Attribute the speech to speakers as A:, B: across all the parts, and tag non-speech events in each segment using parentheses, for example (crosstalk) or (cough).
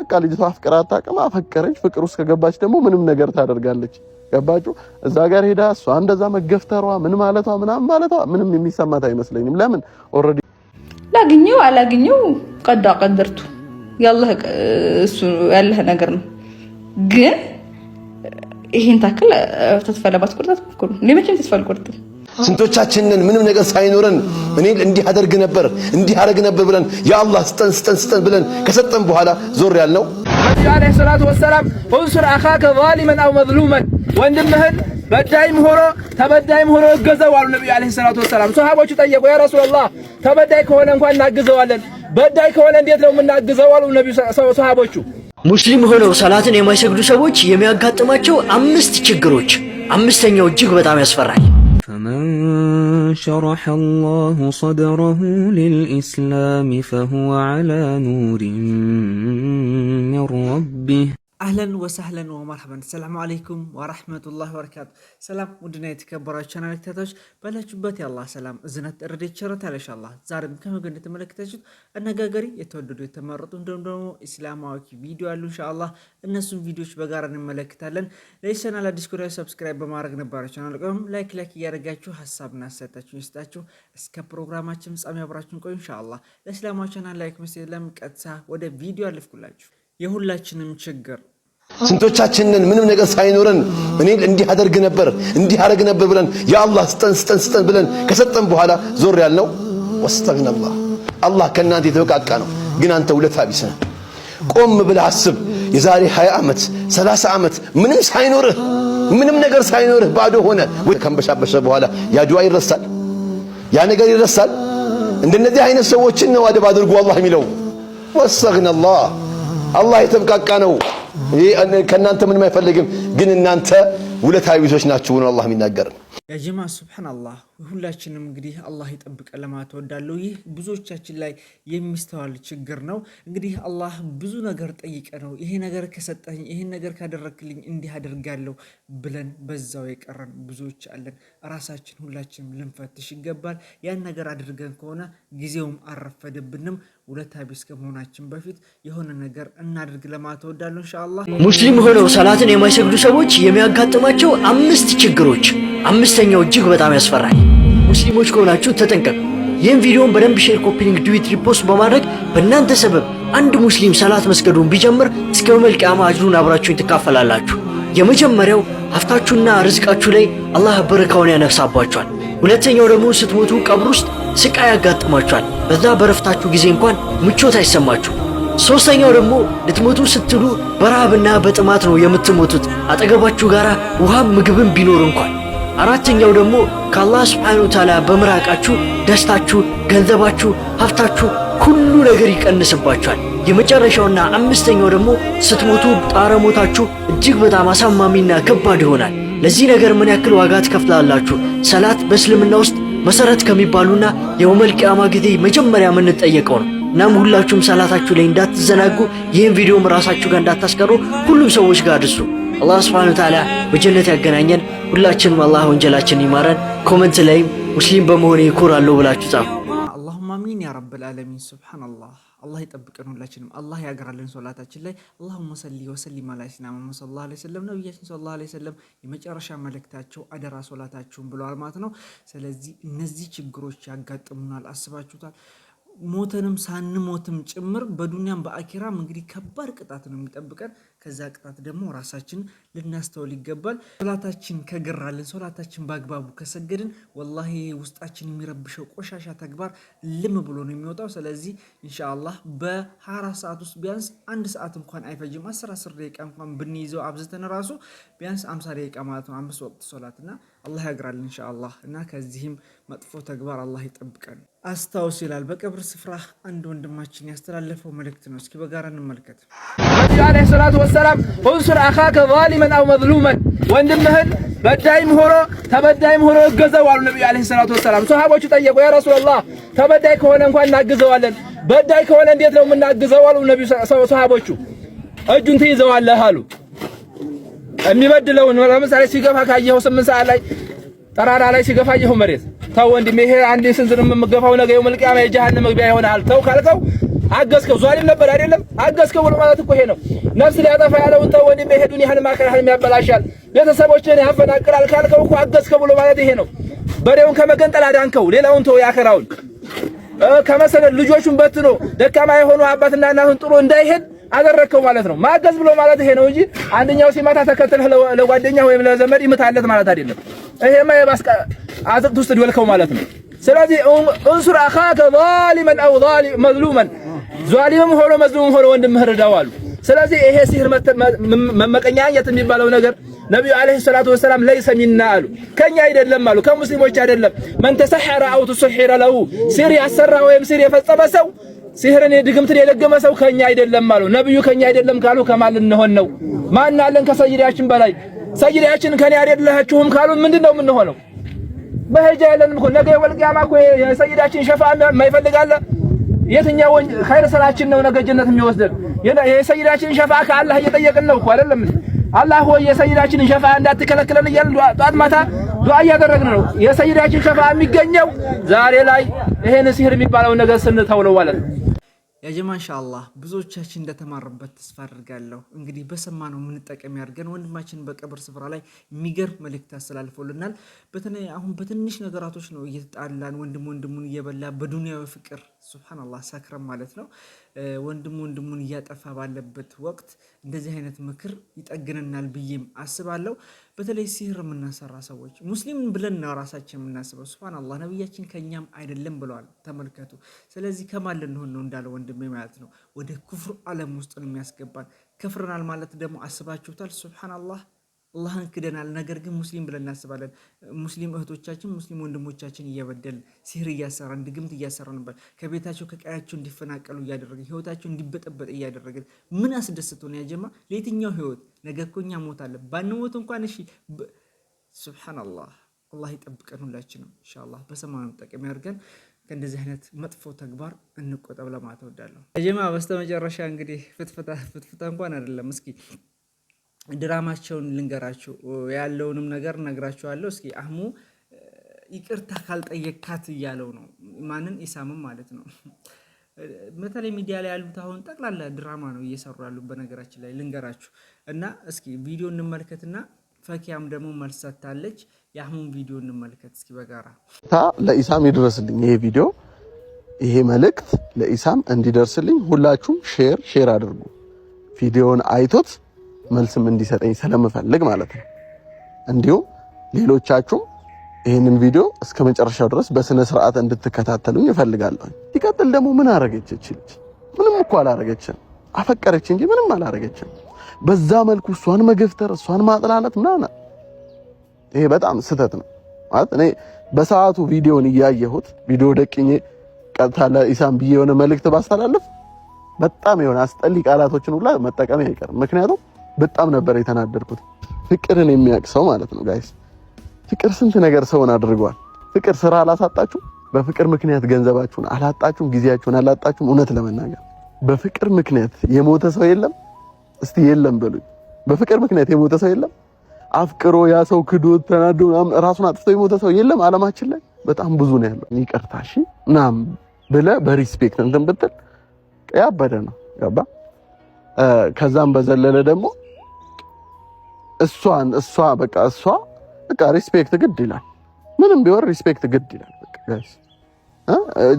A: በቃ ልጅቷ አፍቅራ አታውቅም። አፈቀረች። ፍቅር ውስጥ ከገባች ደግሞ ምንም ነገር ታደርጋለች። ገባችሁ? እዛ ጋር ሄዳ እሷ እንደዛ መገፍተሯ ምን ማለቷ ምናምን ማለቷ ምንም የሚሰማት አይመስለኝም። ለምን ኦልሬዲ
B: ላግኘው አላግኘው ቀዳ ቀደርቱ ያለህ እሱ ያለህ ነገር ነው። ግን ይሄን ታክል ተስፋ ለማስቆርጥ አትሞክሩ። ለመቼም ተስፋ አልቆርጥም።
C: ስንቶቻችንን ምንም ነገር ሳይኖረን እኔ እንዲህ አደርግ ነበር እንዲህ አደርግ ነበር ብለን ያ አላህ ስጠን ስጠን ስጠን ብለን ከሰጠን በኋላ ዞር ያልነው።
D: ነብዩ አለይሂ ሰላቱ ወሰላም ኡንሱር አኻከ ዛሊመን አው መዝሉመን ወንድምህን በዳይም ሆኖ ተበዳይም ሆኖ እገዘው አሉ ነብዩ አለይሂ ሰላቱ ወሰላም። ሱሐቦቹ ጠየቁ፣ ያ ረሱላህ ተበዳይ ከሆነ እንኳን እናግዘዋለን፣ በዳይ ከሆነ እንዴት ነው የምናግዘው አሉ ነብዩ ሱሐቦቹ።
E: ሙስሊም ሆነው ሰላትን የማይሰግዱ ሰዎች የሚያጋጥማቸው አምስት ችግሮች፣ አምስተኛው እጅግ በጣም ያስፈራል።
F: فمن شرح الله صدره للإسلام فهو على نور من ربه
G: አህለን ወሳህለን ወመርሐበን ሰላሙ አለይኩም ወራህመቱላሂ ወበረካቱ። ሰላም ውድና የተከበራችሁ ቻናል ተከታታዮች ባላችሁበት የአላህ ሰላም እዝነት ረድኤት ቸረት ያለሻላ። ዛሬም ከምግብ እንደተመለከታችሁት አነጋገሪ የተወደዱ የተመረጡ እንዲሁም ደግሞ ኢስላማዊ ቪዲዮ ያሉ እንሻአላ እነሱን ቪዲዮዎች በጋራ እንመለከታለን። ለዚህ አዲስ ኮሪያ ሰብስክራይብ በማድረግ ነባራችሁ ቻናል ቆም ላይክ ላይክ እያደረጋችሁ ሀሳብና አስተያየታችሁን ይስጣችሁ። እስከ ፕሮግራማችን ፍጻሜ አብራችሁን ቆዩ እንሻአላ። ለእስላማዊ ቻናል ላይክ መስለም ቀጥታ ወደ ቪዲዮ አለፍኩላችሁ። የሁላችንም ችግር
C: ስንቶቻችንን ምንም ነገር ሳይኖረን እኔ እንዲህ አደርግ ነበር እንዲህ አደርግ ነበር ብለን ያ አላህ ስጠን ስጠን ስጠን ብለን ከሰጠን በኋላ ዞር ያልነው ወስተግና አላህ አላህ ከእናንተ የተበቃቃ ነው። ግን አንተ ውለታ ቢስ ነህ። ቆም ብለህ አስብ። የዛሬ 20 ዓመት 30 ዓመት ምንም ሳይኖርህ ምንም ነገር ሳይኖርህ ባዶ ሆነ ከንበሻበሸ በኋላ ያ ዱዓ ይረሳል፣ ያ ነገር ይረሳል። እንደነዚህ አይነት ሰዎችን ነው አደብ አድርጉ አላህ የሚለው ወስተግና አላህ አላህ የተበቃቃ ነው። ከእናንተ ምንም አይፈልግም፣ ግን እናንተ ውለታ ቢሶች ናችሁ ብሎ አላህ የሚናገርን
H: ያ ጀማ ሱብሃነላህ ሁላችንም እንግዲህ አላህ ይጠብቀ ለማለት እወዳለሁ። ይህ ብዙዎቻችን ላይ የሚስተዋል ችግር ነው። እንግዲህ አላህ ብዙ ነገር ጠይቀ ነው ይሄ ነገር ከሰጠኝ ይሄን ነገር ካደረክልኝ እንዲህ አደርጋለሁ ብለን በዛው የቀረን ብዙዎች አለን። ራሳችን ሁላችንም ልንፈትሽ ይገባል። ያን ነገር አድርገን ከሆነ ጊዜውም አረፈደብንም። ሁለት ቢስ ከመሆናችን በፊት የሆነ ነገር እናድርግ ለማለት እወዳለሁ ኢንሻአላህ።
E: ሙስሊም ሆነው ሰላትን የማይሰግዱ ሰዎች የሚያጋጥማቸው አምስት ችግሮች አምስተኛው እጅግ በጣም ያስፈራል። ሙስሊሞች ከሆናችሁ ተጠንቀቁ። ይህም ቪዲዮን በደንብ ሼር፣ ኮፒሊንግ፣ ዱዊት፣ ሪፖስት በማድረግ በእናንተ ሰበብ አንድ ሙስሊም ሰላት መስገዱን ቢጀምር እስከ መልቅያማ አጅሩን አብራችሁኝ ትካፈላላችሁ። የመጀመሪያው ሀፍታችሁና ርዝቃችሁ ላይ አላህ በረካውን ያነፍሳባችኋል። ሁለተኛው ደግሞ ስትሞቱ ቀብር ውስጥ ስቃይ ያጋጥማችኋል። በዛ በረፍታችሁ ጊዜ እንኳን ምቾት አይሰማችሁ። ሶስተኛው ደግሞ ልትሞቱ ስትሉ በረሃብና በጥማት ነው የምትሞቱት። አጠገባችሁ ጋር ውሃም ምግብም ቢኖር እንኳን አራተኛው ደግሞ ከአላህ ስብሓነሁ ወተዓላ በምራቃችሁ ደስታችሁ፣ ገንዘባችሁ፣ ሀብታችሁ ሁሉ ነገር ይቀንስባችኋል። የመጨረሻውና አምስተኛው ደግሞ ስትሞቱ ጣረሞታችሁ እጅግ በጣም አሳማሚና ከባድ ይሆናል። ለዚህ ነገር ምን ያክል ዋጋ ትከፍላላችሁ? ሰላት በእስልምና ውስጥ መሰረት ከሚባሉና የውመል ቂያማ ጊዜ መጀመሪያ የምንጠየቀው ነው። እናም ሁላችሁም ሰላታችሁ ላይ እንዳትዘናጉ፣ ይህን ቪዲዮም ራሳችሁ ጋር እንዳታስቀሩ ሁሉም ሰዎች ጋር አድርሱ። አላህ ስብሐነሁ ወተዓላ በጀነት ያገናኘን። ሁላችንም አላህ ወንጀላችን ይማረን። ኮመንት ላይም ሙስሊም በመሆን እኮራለሁ ብላችሁ ጻፉ።
H: አላሁማ አሚን ያ ረብል ዓለሚን። ሱብሃነላህ አላህ ይጠብቀን። ሁላችንም አላህ ያገራልን። ሶላታችን ላይ አላሁመ ሰሊ ወሰሊም አላ ሲና መሐመድ ሰለላሁ ዐለይሂ ወሰለም ነቢያችን ሰለላሁ ዐለይሂ ወሰለም የመጨረሻ መልእክታቸው አደራ ሶላታችሁን ብለዋል ማለት ነው። ስለዚህ እነዚህ ችግሮች ያጋጥሙናል። አስባችሁታል? ሞተንም ሳንሞትም ጭምር በዱንያም በአኪራም እንግዲህ ከባድ ቅጣት ነው የሚጠብቀን። ከዛ ቅጣት ደግሞ ራሳችን ልናስተውል ይገባል። ሶላታችን ከገራልን፣ ሶላታችን በአግባቡ ከሰገድን ወላሂ ውስጣችን የሚረብሸው ቆሻሻ ተግባር ልም ብሎ ነው የሚወጣው። ስለዚህ ኢንሻአላህ በ24 ሰዓት ውስጥ ቢያንስ አንድ ሰዓት እንኳን አይፈጅም። 10 10 ደቂቃ እንኳን ብንይዘው አብዝተን ራሱ ቢያንስ 50 ደቂቃ ማለት ነው አምስት ወቅት ሶላትና አላህ ያግራል ኢንሻአላህ እና ከዚህም መጥፎ ተግባር አላህ ይጠብቀን። አስታውስ ይላል በቀብር ስፍራ አንድ ወንድማችን ያስተላለፈው መልእክት ነው። እስኪ በጋራ እንመልከት።
D: ነቢዩ ዓለይሂ ሰላቱ ወሰላም ኡንሱር አኻከ ዛሊመን አው መዝሉመን፣ ወንድምህን በዳይም ሆኖ ተበዳይም ሆኖ እገዘው አሉ ነቢዩ ዓለይሂ ሰላቱ ወሰላም። ሰሃቦቹ ጠየቁ፣ ያ ረሱላላህ ተበዳይ ከሆነ እንኳን እናግዘዋለን፣ በዳይ ከሆነ እንዴት ነው የምናግዘው አሉ ነቢዩ ሰሃቦቹ። እጁን ትይዘዋለህ አሉ የሚበድለውን ለምሳሌ ሲገፋ ካየኸው ስምንት ሰዓት ላይ ተራራ ላይ ሲገፋ አየኸው መሬት ተው ወንድም፣ ይሄ አንድ ስንዝር የምገፋው ነገ የውመል ቂያማ የጀሃነም መግቢያ ይሆናል። ተው ካልከው አገዝከው። ዟሊም ነበር አይደለም? አገዝከው ማለት እኮ ይሄ ነው። ነፍስ ሊያጠፋ ያለውን ተው ወንድም፣ ይሄ ዱንያህን ማከራህን የሚያበላሻል ቤተሰቦችን ያፈናቅላል ካልከው እኮ አገዝከው ብሎ ማለት ይሄ ነው። በሬውን ከመገንጠል አዳንከው፣ ሌላውን ተው ያከራውን ከመሰለ ልጆቹን በትኖ ደካማ የሆኑ አባትና እናቱን ጥሎ እንዳይሄድ አደረከው ማለት ነው። ማገዝ ብሎ ማለት ይሄ ነው እንጂ አንደኛው ሲመታ ተከትለህ ለጓደኛ ወይም ለዘመድ ይመታለት ማለት አይደለም። ይሄማ የባስቀ አጥቅት ውስጥ ድወልከው ማለት ነው። ስለዚህ እንሱር አኻከ ዛሊመን አው መዝሉመን፣ ዛሊምም ሆኖ መዝሉምም ሆኖ ወንድምህ ርዳው አሉ። ስለዚህ ይሄ ሲህር መመቀኛኘት የሚባለው ነገር ነቢዩ አለይሂ ሰላቱ ወሰላም ለይሰ ሚና አሉ፣ ከኛ አይደለም አሉ፣ ከሙስሊሞች አይደለም። መን ተሰሐረ አው ተሰሐረ ለሁ ሲህር ያሰራ ወይም ሲህር የፈጸመ ሰው ሲህርን ድግምትን የደገመ ሰው ከኛ አይደለም አሉ። ነብዩ ከኛ አይደለም ካሉ ከማን ልንሆን ነው? ማን አለን ከሰይዳችን በላይ? ሰይዳችን ከኔ አይደላችሁም ካሉ ምንድነው የምንሆነው? መሄጃ የለንም እኮ ነገ ወልቂያማ እኮ የሰይዳችን ሸፋ ማይፈልጋለ የትኛው ኸይር ስራችን ነው ነገ ጀነት የሚወስደን? የሰይዳችን ሸፋ ከአላህ እየጠየቅን ነው እኮ አይደለም። አላህ ሆይ የሰይዳችን ሸፋ እንዳትከለክለን እያልን ጧት ማታ ዱዓ እያደረግን ነው። የሰይዳችን ሸፋ የሚገኘው ዛሬ ላይ ይሄን ሲህር የሚባለው ነገር ስንተው ነው ማለት ነው።
H: ያጀማ ብዙዎቻችን እንደተማረበት ተስፋ አድርጋለሁ። እንግዲህ በሰማነው የምንጠቀም ያድርገን። ወንድማችን በቀብር ስፍራ ላይ የሚገርም መልእክት አስተላልፎልናል። በተለይ አሁን በትንሽ ነገራቶች ነው እየተጣላን ወንድም ወንድሙን እየበላ በዱንያዊ ፍቅር ሱብሃነላህ ሰክረም ማለት ነው። ወንድሙ ወንድሙን እያጠፋ ባለበት ወቅት እንደዚህ አይነት ምክር ይጠግነናል ብዬም አስባለሁ። በተለይ ሲህር የምናሰራ ሰዎች ሙስሊም ብለን ነው ራሳችን የምናስበው። ሱብሃነላህ ነብያችን ከኛም አይደለም ብለዋል። ተመልከቱ። ስለዚህ ከማን ልንሆን ነው እንዳለ ወንድሜ ማለት ነው። ወደ ኩፍር ዓለም ውስጥ ነው የሚያስገባን። ከፍረናል ማለት ደግሞ አስባችሁታል? ሱብሃነላህ አላህን ክደናል። ነገር ግን ሙስሊም ብለን እናስባለን። ሙስሊም እህቶቻችን፣ ሙስሊም ወንድሞቻችን እየበደል ሲህር እያሰራን ድግምት እያሰራን ነበር። ከቤታቸው ከቀያቸው እንዲፈናቀሉ እያደረግን ህይወታቸው እንዲበጠበጥ እያደረግን ምን አስደስቶን ያጀማ? ለየትኛው ህይወት? ነገ እኮ እኛ ሞት አለ። ባንሞት እንኳን እሺ። ሱብሓነላህ። አላህ ይጠብቀን ሁላችንም ኢንሻአላህ። በሰማኑ ጠቀም ያድርገን። ከእንደዚህ አይነት መጥፎ ተግባር እንቆጠብ ለማለት እወዳለሁ። ያጀማ በስተመጨረሻ እንግዲህ ፍትፍታ ፍትፍታ እንኳን አይደለም እስኪ ድራማቸውን ልንገራችሁ ያለውንም ነገር ነግራችኋለሁ። እስኪ አህሙ ይቅርታ ካልጠየካት እያለው ነው። ማንን? ኢሳምም ማለት ነው። በተለይ ሚዲያ ላይ ያሉት አሁን ጠቅላላ ድራማ ነው እየሰሩ ያሉ። በነገራችን ላይ ልንገራችሁ እና እስኪ ቪዲዮ እንመልከትና ፈኪያም ደግሞ መልስ ሰጥታለች። የአህሙን ቪዲዮ እንመልከት እስኪ በጋራ
I: ለኢሳም ይድረስልኝ ይሄ ቪዲዮ ይሄ መልእክት ለኢሳም እንዲደርስልኝ ሁላችሁም ሼር ሼር አድርጉ ቪዲዮውን አይቶት መልስም እንዲሰጠኝ ስለምፈልግ ማለት ነው። እንዲሁም ሌሎቻችሁም ይህንን ቪዲዮ እስከ መጨረሻው ድረስ በስነ ስርዓት እንድትከታተሉኝ እፈልጋለሁ። ሲቀጥል ደግሞ ምን አረገች እቺ ልጅ? ምንም እኮ አላረገችም። አፈቀረች እንጂ ምንም አላረገችም። በዛ መልኩ እሷን መገፍተር፣ እሷን ማጥላለት ምናምን ይሄ በጣም ስህተት ነው ማለት እኔ በሰዓቱ ቪዲዮን እያየሁት ቪዲዮ ደቅኜ ቀጥታ ለኢሳም ብዬ የሆነ መልእክት ባስተላልፍ በጣም የሆነ አስጠሊ ቃላቶችን ሁላ መጠቀም አይቀርም ምክንያቱም በጣም ነበር የተናደድኩት። ፍቅርን የሚያውቅ ሰው ማለት ነው ጋይስ። ፍቅር ስንት ነገር ሰውን አድርጓል። ፍቅር ስራ አላሳጣችሁም፣ በፍቅር ምክንያት ገንዘባችሁን አላጣችሁም፣ ጊዜያችሁን አላጣችሁም። እውነት ለመናገር በፍቅር ምክንያት የሞተ ሰው የለም? እስቲ የለም በሉኝ። በፍቅር ምክንያት የሞተ ሰው የለም? አፍቅሮ ያ ሰው ክዶት ተናዶ ራሱን አጥፍቶ የሞተ ሰው የለም? አለማችን ላይ በጣም ብዙ ነው ያለው። ይቅርታ እሺ ምናምን ብለህ በሪስፔክት እንትን ብትል ያበደ ነው። ገባ ከዛም በዘለለ ደግሞ እሷን እሷ በቃ እሷ በቃ ሪስፔክት ግድ ይላል። ምንም ቢሆን ሪስፔክት ግድ ይላል።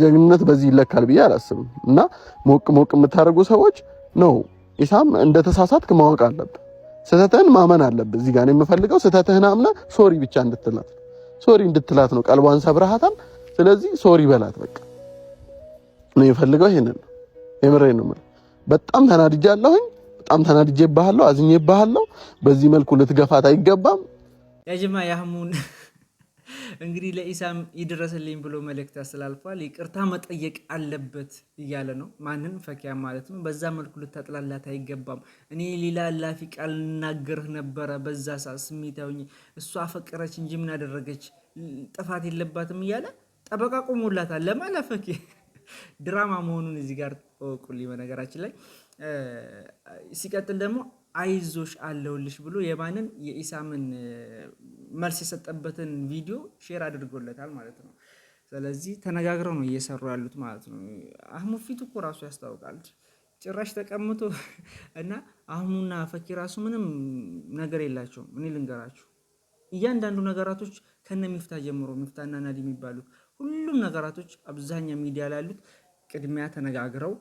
I: ጀግንነት በዚህ ይለካል ብዬ አላስብም። እና ሞቅ ሞቅ የምታደርጉ ሰዎች ነው ኢሳም እንደ ተሳሳትክ ማወቅ አለብህ። ስህተትህን ማመን አለብህ። እዚህ ጋር የምፈልገው ስህተትህን አምነህ ሶሪ ብቻ እንድትላት ሶሪ እንድትላት ነው። ቀልቧን ሰብረሃታል። ስለዚህ ሶሪ በላት በቃ ነው የፈልገው። ይህንን የምሬን ነው። በጣም ተናድጃለሁኝ። በጣም ተናድጄብሃለሁ፣ አዝኜብሃለሁ። በዚህ መልኩ ልትገፋት አይገባም።
H: ያጅማ ያህሙን (laughs) እንግዲህ ለኢሳም ይድረስልኝ ብሎ መልእክት አስተላልፏል። ይቅርታ መጠየቅ አለበት እያለ ነው። ማንን ፈኪያ ማለት ነው። በዛ መልኩ ልታጥላላት አይገባም። እኔ ሌላ ላፊ ቃል ልናገርህ ነበረ በዛ ሰዓት ስሜታዊ። እሷ አፈቀረች እንጂ ምን አደረገች? ጥፋት የለባትም እያለ ጠበቃ ቆሞላታል። ለማን ድራማ መሆኑን እዚህ ጋር እወቁልኝ። በነገራችን ላይ ሲቀጥል ደግሞ አይዞሽ አለውልሽ ብሎ የማንን የኢሳምን መልስ የሰጠበትን ቪዲዮ ሼር አድርጎለታል ማለት ነው። ስለዚህ ተነጋግረው ነው እየሰሩ ያሉት ማለት ነው። አህሙ ፊቱ እኮ ራሱ ያስታውቃል። ጭራሽ ተቀምጦ እና አህሙና ፈኪ ራሱ ምንም ነገር የላቸውም። እኔ ልንገራችሁ እያንዳንዱ ነገራቶች ከነ ሚፍታ ጀምሮ ሚፍታና ናዲ የሚባሉት ሁሉም ነገራቶች አብዛኛው ሚዲያ ላይ ያሉት ቅድሚያ ተነጋግረው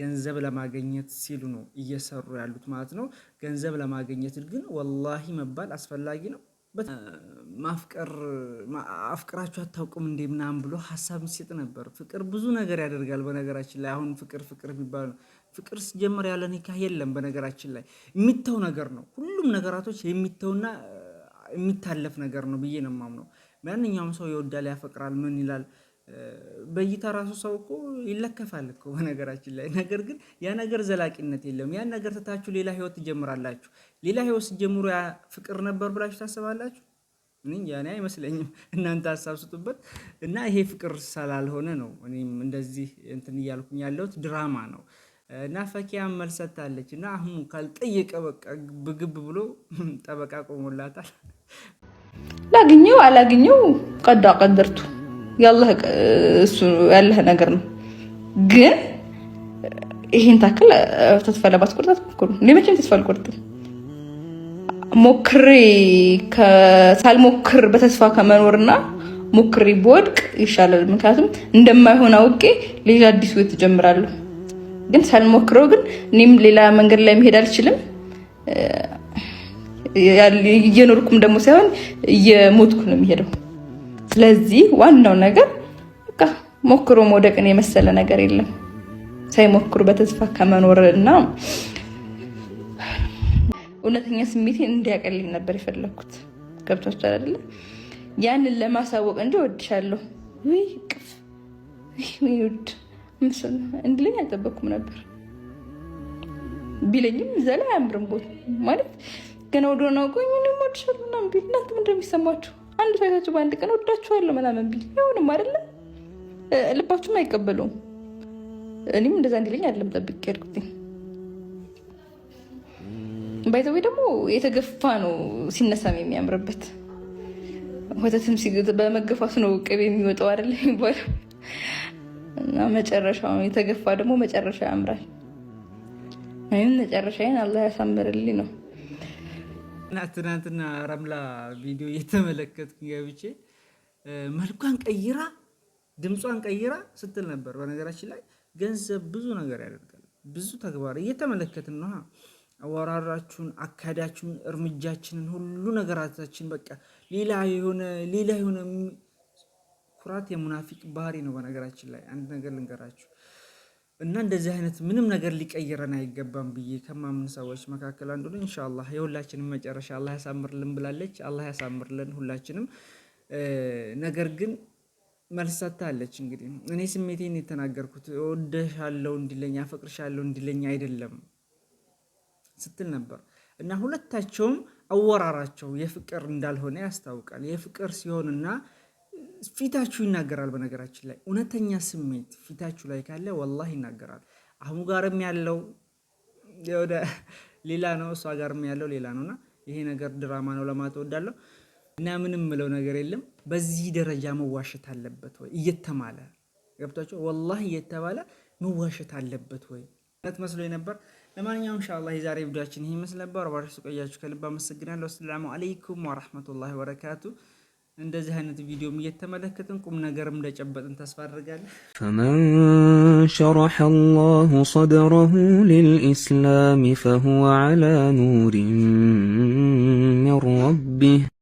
H: ገንዘብ ለማገኘት ሲሉ ነው እየሰሩ ያሉት ማለት ነው። ገንዘብ ለማገኘት ግን ወላሂ መባል አስፈላጊ ነው። ማፍቀር አፍቅራችሁ አታውቁም እንዴ ምናምን ብሎ ሀሳብ ሲጥ ነበር። ፍቅር ብዙ ነገር ያደርጋል። በነገራችን ላይ አሁን ፍቅር ፍቅር የሚባል ነው። ፍቅር ሲጀመር ያለ ኒካህ የለም። በነገራችን ላይ የሚተው ነገር ነው። ሁሉም ነገራቶች የሚተውና የሚታለፍ ነገር ነው ብዬ ነው የማምነው። ማንኛውም ሰው ይወዳል፣ ያፈቅራል፣ ምን ይላል። በእይታ ራሱ ሰው እኮ ይለከፋል እኮ በነገራችን ላይ። ነገር ግን ያ ነገር ዘላቂነት የለም ያን ነገር ትታችሁ ሌላ ህይወት ትጀምራላችሁ። ሌላ ህይወት ስትጀምሩ ያ ፍቅር ነበር ብላችሁ ታስባላችሁ? እኔ አይመስለኝም። (laughs) እናንተ ሀሳብ ስጡበት እና ይሄ ፍቅር ስላልሆነ ነው እኔም እንደዚህ እንትን እያልኩኝ ያለሁት ድራማ ነው እና ፈኪያም መልሰታለች እና አሁን ካልጠየቀ በቃ ብግብ ብሎ (laughs) ጠበቃ ቆሞላታል።
B: ላግኘው አላግኘው ቀዳ ቀደርቱ ያለህ ነገር ነው። ግን ይህን ታክል ተትፈለባት ቁርጣት ሞክሩ። መቼም ተስፋ አልቆርጥም። ሞክሬ ሳልሞክር በተስፋ ከመኖርና ሞክሬ በወድቅ ይሻላል። ምክንያቱም እንደማይሆን አውቄ ሌላ አዲስ ህይወት እጀምራለሁ። ግን ሳልሞክረው ግን እኔም ሌላ መንገድ ላይ መሄድ አልችልም። እየኖርኩም ደግሞ ሳይሆን እየሞትኩ ነው የሚሄደው። ስለዚህ ዋናው ነገር በቃ ሞክሮ መውደቅን የመሰለ ነገር የለም። ሳይሞክሩ በተስፋ ከመኖር እና እውነተኛ ስሜቴን እንዲያቀልኝ ነበር የፈለግኩት። ገብቷችኋል አይደለ? ያንን ለማሳወቅ እንጂ እወድሻለሁ ቅፍ ውድ ምስል እንዲለኝ አልጠበኩም ነበር። ቢለኝም ዘላ ላይ አያምርም ማለት ገና ወደ ሆነ ቆኝ ወድሻለሁ ምናምን ቢል እናንተ ምንድን ነው የሚሰማችሁ? አንድ ሳይታችሁ በአንድ ቀን ወዳችኋለሁ ምናምን ቢል አይሆንም አይደለ? ልባችሁም አይቀበሉም። እኔም እንደዛ እንዲለኝ አይደለም ጠብቄ ያድኩትኝ። ባይዘዌ ደግሞ የተገፋ ነው ሲነሳም የሚያምርበት ወተትም በመገፋቱ ነው ቅቤ የሚወጣው አይደለ የሚባለው እና መጨረሻው የተገፋ ደግሞ መጨረሻ ያምራል። ወይም መጨረሻዬን አላህ ያሳምርልኝ ነው
H: እና ትናንትና ረምላ ቪዲዮ እየተመለከትኩኝ ገብቼ መልኳን ቀይራ ድምጿን ቀይራ ስትል ነበር። በነገራችን ላይ ገንዘብ ብዙ ነገር ያደርጋል። ብዙ ተግባር እየተመለከትን ነው። አወራራችሁን፣ አካዳችሁን፣ እርምጃችንን፣ ሁሉ ነገራታችን በቃ ሌላ የሆነ ሌላ የሆነ ኩራት የሙናፊቅ ባህሪ ነው። በነገራችን ላይ አንድ ነገር ልንገራችሁ እና እንደዚህ አይነት ምንም ነገር ሊቀይረን አይገባም ብዬ ከማምን ሰዎች መካከል አንዱ ነው። እንሻላ የሁላችንም መጨረሻ አላህ ያሳምርልን ብላለች። አላህ ያሳምርልን ሁላችንም። ነገር ግን መልሰታለች ሰጥታለች። እንግዲህ እኔ ስሜቴን የተናገርኩት እወድሻለሁ እንዲለኝ አፈቅርሻለሁ እንዲለኝ አይደለም ስትል ነበር እና ሁለታቸውም አወራራቸው የፍቅር እንዳልሆነ ያስታውቃል። የፍቅር ሲሆንና ፊታችሁ ይናገራል። በነገራችን ላይ እውነተኛ ስሜት ፊታችሁ ላይ ካለ ወላሂ ይናገራል። አህሙ ጋርም ያለው ወደ ሌላ ነው፣ እሷ ጋርም ያለው ሌላ ነውና ይሄ ነገር ድራማ ነው ለማለት እወዳለሁ። እና ምንም ምለው ነገር የለም። በዚህ ደረጃ መዋሸት አለበት ወይ? እየተማለ ገብቷቸው ወላሂ እየተባለ መዋሸት አለበት ወይ? ነት መስሎ ነበር። ለማንኛውም ኢንሻአላህ የዛሬ ቪዲዮችን ይህ ይመስል ነበር። ባሽ ቆያችሁ ከልብ አመሰግናለሁ። አሰላሙ አለይኩም ወረህመቱላሂ ወበረካቱ እንደዚህ አይነት ቪዲዮም እየተመለከትን ቁም ነገርም እንደጨበጥን ተስፋ አድርጋለን።
F: ፈመን ሸረሐ አላሁ ሰድረሁ ሊልኢስላሚ ፈሁወ ዐላ ኑሪን ሚን ረቢህ